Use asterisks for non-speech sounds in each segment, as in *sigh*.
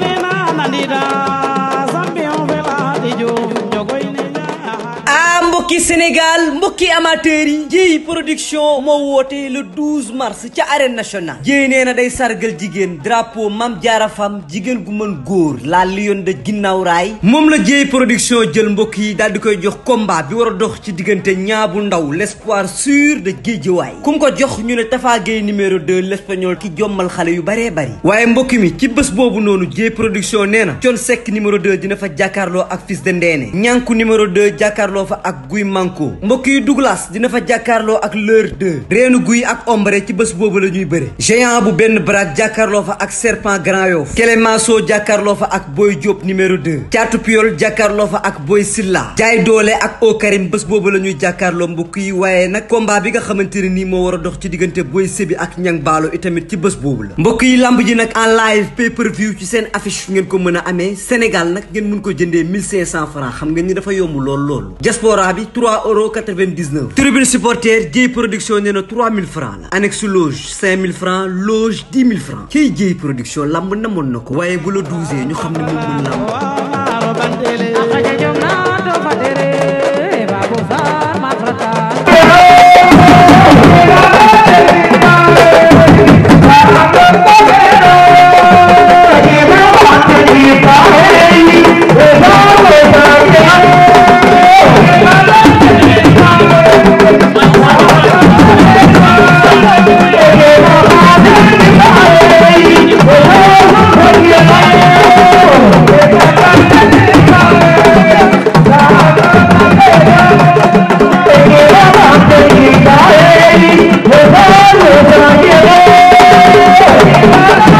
Yo mbokki Sénégal mbokki amateurs yi Dieye production moo woote le 12 mars ca arène national Dieye nee na day sargal jigéen drapeau Mame Diarra Fam jigéen gu mën góor la lion de ginnaaw raay moom la Dieye production jël mbokk yi daal di koy jox combat bi war a dox ci diggante ñaabu ndaw l'espoir sûr de Guédiawaye ku mu ko jox ñu ne Tafa Gueye numéro 2 l'espagnol ki jommal xale yu baree bari waaye mbokk mi ci bés boobu noonu Dieye production nee na Thione Seck numéro 2 dina fa jàkkaarloo ak fils de Ndéné ñànku numéro fa ak manko mbokk yi Douglas dina fa jàkkaarloo ak l'heure 2 reenu guy ak ombre ci bés boobu la ñuy bëre géant bu benn baraak jàkkaarloo fa ak serpent grand yoff Kélémanso jàkkaarloo fa ak Boy Diop numéro 2 caatu piol jàkkaarloo fa ak Boy Silla jaay doole ak O Karim bés boobu la ñuy jàkkaarloo mbokk yi waaye nag combat bi nga xamante ne nii moo war a dox ci diggante Boy Sébi ak Ñang Baalo itamit ci bés boobu la mbokk yi lamb ji nag en live pay view ci seen affiche ngeen ko mën a amee Sénégal nag ngeen mun ko jëndee 1500 francs xam ngeen ni dafa yomb lool lool 3 euros 99 tribune supporter Dieye production nee na 3000 francs la annexe loge 5000 francs loge 10 000 francs kii Dieye production lamb namoon na ko waaye bu la duusee ñu xam ne moom mën lamb ah,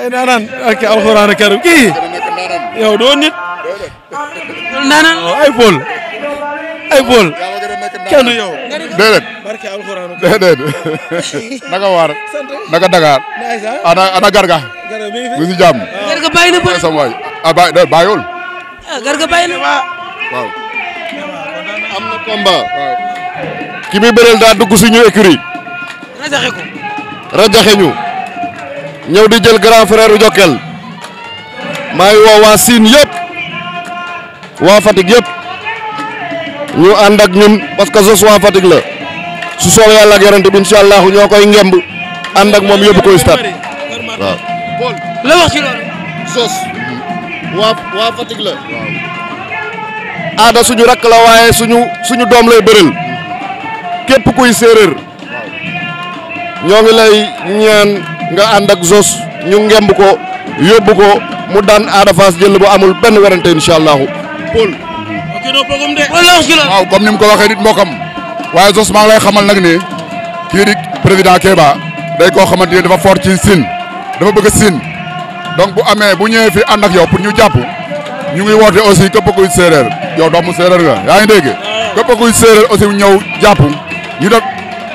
yaay naanaan ak alxuraan karim kii yow doo nit. naanaan oh, ay bool ay bool kenn du yow. déedéet naka waar naka Dakar ana Garga. bu si Garga bàyyi na bëri sama waay ah bàyyi déedéet bàyyiwul. Ah, Garga bàyyi na waaw. am na combat. waaw. ki muy bëreel daa dugg ñëw di jël grand frère Jokkel maa ngi woo waa waa Fatick yëpp ñu ànd ak ñun parce que sos waa Fatick la su soobee yàlla ak yarante bi incha ñoo koy ngemb ànd ak moom yóbbu koy stade waaw. la aada suñu rakk la waaye suñu doom lay bëril képp kuy séeréer ñoo ngi lay ñaan. nga ànd ak Zos ñu ngemb ko yóbbu ko mu daan Ada Fass jël bu amul benn werante incha allahu. Paul. waaw comme ni mu ko waxee nit mbokkam waaye Zos maa ngi lay xamal nag ne kii di président Kéba day koo xamante dafa fort ci Sine dafa bëgg Sine donc bu amee bu ñëwee fi ànd ak yow pour ñu jàpp ñu ngi woote aussi képp kuy séeréer yow doomu séeréer nga yaa ngi dégg ah. képp kuy séeréer aussi ñëw jàpp ñu def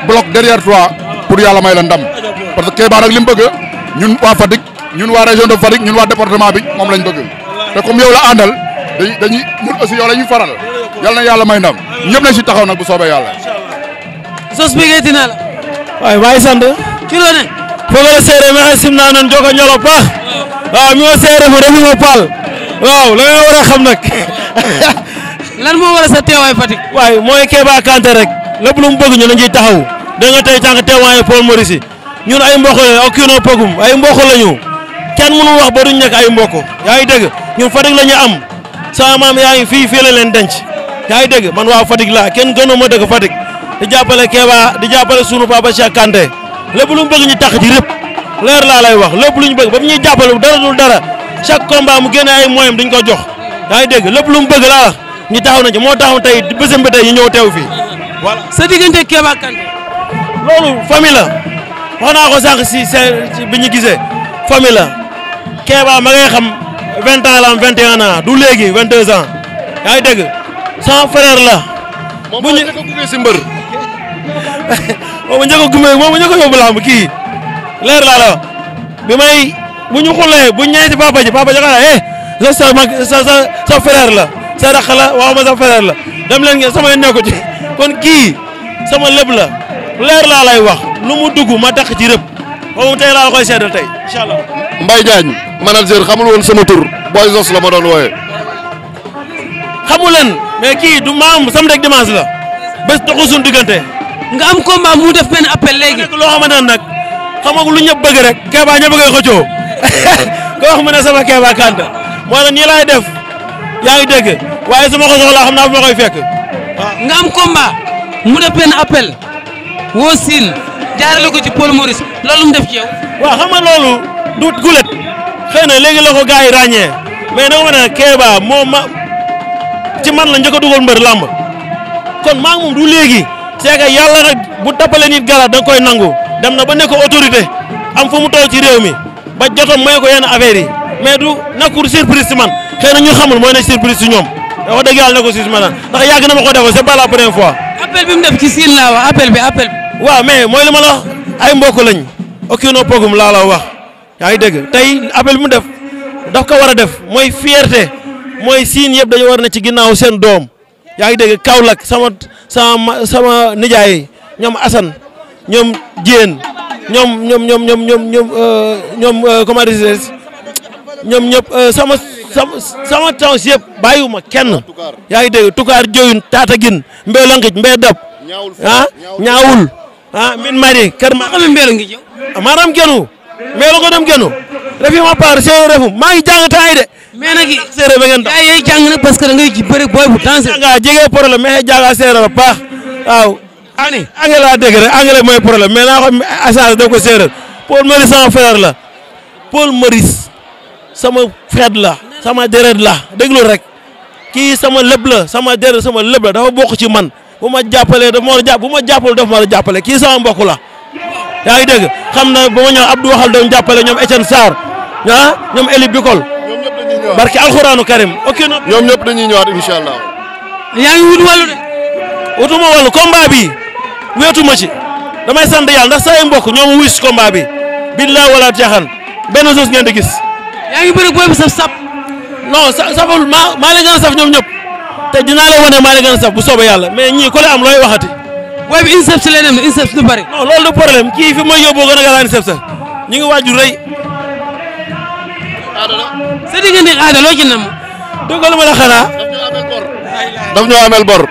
bloc derrière toi. pour yàlla may la ndam parce que Kéba nag li mu bëgg ñun waa Fatick ñun waa région de Fatick ñun waa département bi moom lañ bëgg te comme yow la àndal dañuy dañuy ñun faral yàlla na yàlla may ndam ñëpp nañ si taxaw nag bu soobee yàlla. sos bi gëj na la. waaye maa ngi sant. ci la ne. foogale séeréer ma ay simnaa noonu jokkoo ñolo baax. waaw mi ma séeréer ma ma paal. waaw la nga war a xam nag. *laughs* lan moo war a sa teewaay Fatick. waaye mooy Kéba Kanté rek lépp lu bëgg ñu taxaw. da nga tey jàng teewaayu Paul Maurice ñun ay mbokk lañu ak kii noo pogum kenn mënu wax ba duñ ay mbokk yaa ngi dégg ñun Fatick la ñu am sama maam yaa ngi fii fii leen denc yaa ngi dégg man waa Fatick la kenn gënu ma dëgg Fatick di jàppale Kéba di jàppale sunu papa Cheikh Kanté lépp lu mu bëgg ñu tax ci rëpp leer laa lay wax lépp lu ñu bëgg ba mu ñuy jàppale dara dul dara chaque combat mu génne ay moyens duñ ko jox yaa ngi dégg lépp lu mu bëgg laa ñu taxaw na moo taxaw tey bésam bi tey ñu ñëw teew fii loolu famille la wax naa ko sànq si si bi ñu gisee famille la Kéba ma ngay xam vingt ans la am vingt et un ans du léegi vingt deux ans yaa ngi dégg sans frère la. bu ñu *laughs* moom moo njëkk a gummee si moo njëkk a gummee moom a kii leer laa la bi may bu ñu xullee bu ñu ñëwee ci papa ji papa ji eh, sa sa sa la sa rakk la waxuma sa frère la dem leen ngeen samay nekku ci kon kii sama lépp la. leer laa lay wax lu mu dugg ma dàq ci rëb boobu tey laa la koy seedal tey incha allah. Mbaye xamul woon sama tur Boy Zoss la ma doon wooyee. xamu leen mais kii du maam am samedi ak la bés doxul diggante. nga am combat mu def benn appel léegi. nekk loo xamante ne nag xam nga lu ñëpp bëgg rek. Kéba ñëpp ngay xëccoo wax *laughs* mu ne sama Kéba Kanta moo tax ñii laay def yaa ngi dégg waaye sama ma xam na bu ma koy nga am combat mu def benn appel. woo siin jaarale ko ci Paul Maurice loolu mu def ci yow. waaw xam nga loolu du gulet xëy na léegi la ko gars yi ràññee mais nag ma ne Kéba moo ma ci man la njëkk a dugal mbër làmb kon maa ngi du léegi. c'est que yàlla rek bu tappalee nit gala da koy nangu dem na ba nekk autorité am fu mu toll ci réew mi ba jotoon may ko yenn affaire yi du nekkul surprise man xëy ñu xamul mooy nekk surprise ñoom wax dëgg yàlla ne ko si man ndax yàgg na ma ko def ci waaw mais mooy li ma la ay mbokk lañ okkino pogum laa la wax yaa ngi dégg tey appel mu def daf ko war a def mooy fierté mooy siin yëpp dañu war ne ci ginnaaw seen doom yaa ngi dégg Kaolack sama sama sama nijaay ñoom Assane ñoom Dieng ñoom ñoom ñoom ñoom ñoom ñoom euh, ñoom euh, ñoom ñëpp euh, sama sama sama temps yëpp bàyyiwuma kenn yaa ngi dégg tukaar joyun taata gin mbee lankij mbee dab ah ñaawul ha ah, min mari kadi ma komin mbeɗo guiƴo maram gueno ah, meɗo goɗam gueno refima par seeɗo refum magi jangatayi de mais nagi seeɗo ɓe ganda yeyi jangga nag par ce que ɗo gayi jibbere boy bo dansé ga jegui mais he jaga seeɗo a degré engrais mooy problème mais naa ko assurance def ko séeréer Paul Maurice sama frère la Paul Maurice sama frère la sama deret la déglu rek kii sama lépp la sama deret sama lépp la dafa bokk ci man bu ma jàppalee daf ma war a jàpp ma jàppale daf ma a jàppale kii sama mbokk la yaa ngi dégg xam na ba ma ñëw Abdou waxal doon jàppale ñoom Etienne Sarr ah ñoom Eli Bikol barki alxuraanu Karim ok ñoom ñëpp dañuy ñëwaat incha allah. yaa ngi wut wàllu de. wutuma wàllu combat bi weetuma ci damay sant yàlla ndax say mbokk ñoom wis combat bi billaa wala jaaxaan benn chose ngeen di gis. yaa ngi bëri booy bi saf sap. non sa saful maa maa saf ñoom ñëpp. te dinaa la wane maa la gën a saf bu soobee yàlla mais ñii ku la am looy waxati. booy bi INSEPS lay dem INSEPS du bëri. non du problème kii fi may yóbbu gën a gàllankoor INSEPS ngi waaju rëy. aada la. sa diggante ak aada loo ma la daf ñoo amel bor.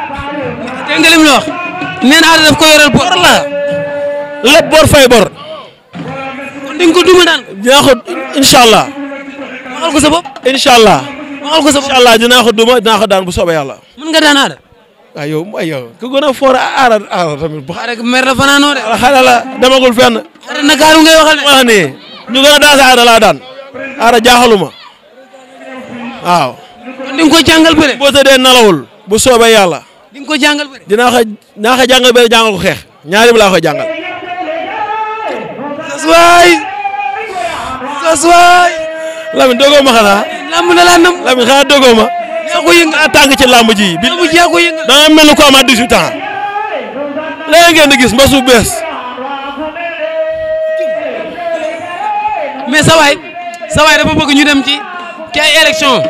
dégg nga li mu daf ko yoreel bor la. lépp bor fay bor. kon di duma daan. dinaa ko incha allah. ko sa bopp. incha waxal ko sa bopp incha ko duma dinaa ko daan bu soobee yàlla. mën nga daan aada. waaw yow mooy yow ku gën a fort aara aara tamit. bu xaaree mer la fanaanoo de. xale la demagul fenn. aara Ndakaaru ngay waxal de. wax nii ñu a daan sa aara laa daan aara jaaxaluma waaw. kon ko jàngal bëre. boo tëddee bu soobee yàlla. di nga ko jàngal bëre. dinaa ko dinaa ko jàngal bëre jàngal ko xeex ñaari bi laa koy jàngal. sas Lamine dogoo ma xanaa. lamb na laa nam. Lamine xanaa a tàng ci lamb ji. lamb ji yaa ko yëngal. da ngay mel ni ko ngeen di mbasu bees. mais sa waay sa waay dafa ñu dem ci ci élection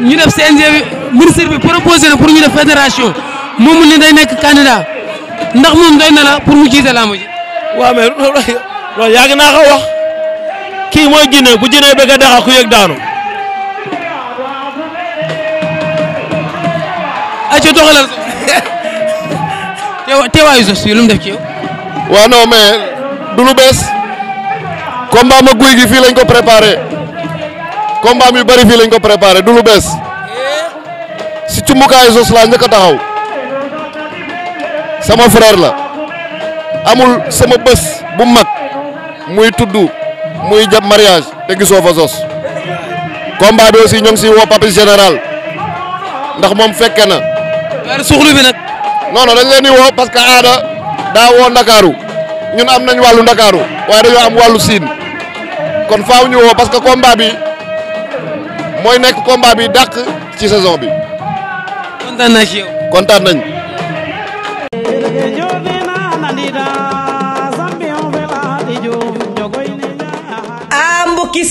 ñu def CNG bi ministre bi proposé na pour ñu def fédération moom mu ne day nekk candidat ndax moom doy na la pour mu jiite lamb ji. waaw mais loolu naa ko kii mooy jinne bu jinne bëgg a daxa ku yëg daanu ay ci doxalal teewaayu Zoss yi lu def ci yow waaw non mais du lu bees combat ma gi fii lañ ko préparé combat yu bari fii lañ ko préparé du lu bees si cumbukaayu Zoss laa njëkk taxaw sama frère la amul sama bés bu mag muy tudd muy jab mariage te gisoo fa sos combat bi aussi ñoo ngi si woo Papis général ndax moom fekke na. weer bi nag. non dañ leen di woo parce que aada daa woo ndakaaru ñun am nañ wàllu ndakaaru waaye dañoo am wàllu siin kon faaw ñu woo parce que combat bi mooy nekk combat bi dàq ci saison bi. kontaan kontaan nañ.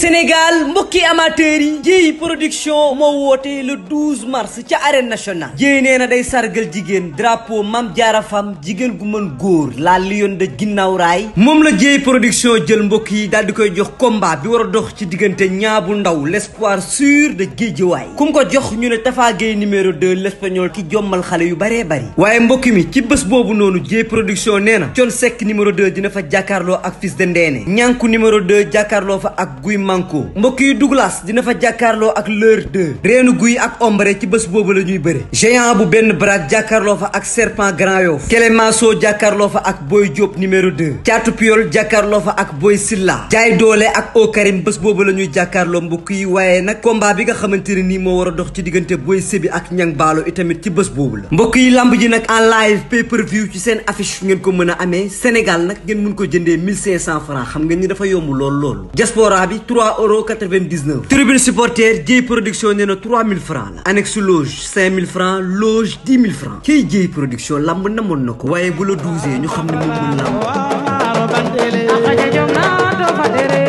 Sénégal mbokki amateur yi Dieye production moo woote le 12 mars ca arène national Dieye nee na day sargal jigéen drapeau Mame Diarra Fam jigéen gu mën góor la lion de ginnaaw raay moom la Dieye production jël mbokk yi daal di koy jox combat bi war a dox ci diggante ñaabu ndaw l'espoir sûr de Guédiawaye ku mu ko jox ñu ne Tafa Gueye numéro 2 l'espagnol ki jommal xale yu baree bari waaye mbokki mi ci bés boobu noonu Dieye production nee na Thione Seck numéro 2 dina fa jàkkaarloo ak fils de Ndéné ñànku numéro jàkkaarloo fa ak manko mbokk yi Douglas dina fa jàkkaarloo ak l'heure 2 reenu guy ak ombre ci bés boobu la ñuy bëre géant bu benn baraak jàkkaarloo fa ak serpent grand yoff Kélémanso jàkkaarloo fa ak Boy Diop numéro 2 caatu piol jàkkaarloo fa ak Boy Silla jaay doole ak O Karim bés boobu la ñuy jàkkaarloo mbokk yi waaye nag combat bi nga xamante ne nii moo war a dox ci diggante Boy Sébi ak Ñang Baalo itamit ci bés boobu la mbokk yi lamb ji nag en live pay per view ci seen affiche ngeen ko mën a amee Sénégal nag ngeen mun ko jëndee 1500 francs xam ngeen ni dafa yomb lool loolu 3 euros 99. tribune supporter Dieye production nee na 3000 francs la. annexe loge 5000 francs loge 10 000 francs. ci Dieye production lamb namoon na ko. waaye bu la duusee ñu xam ne moom mun lamb.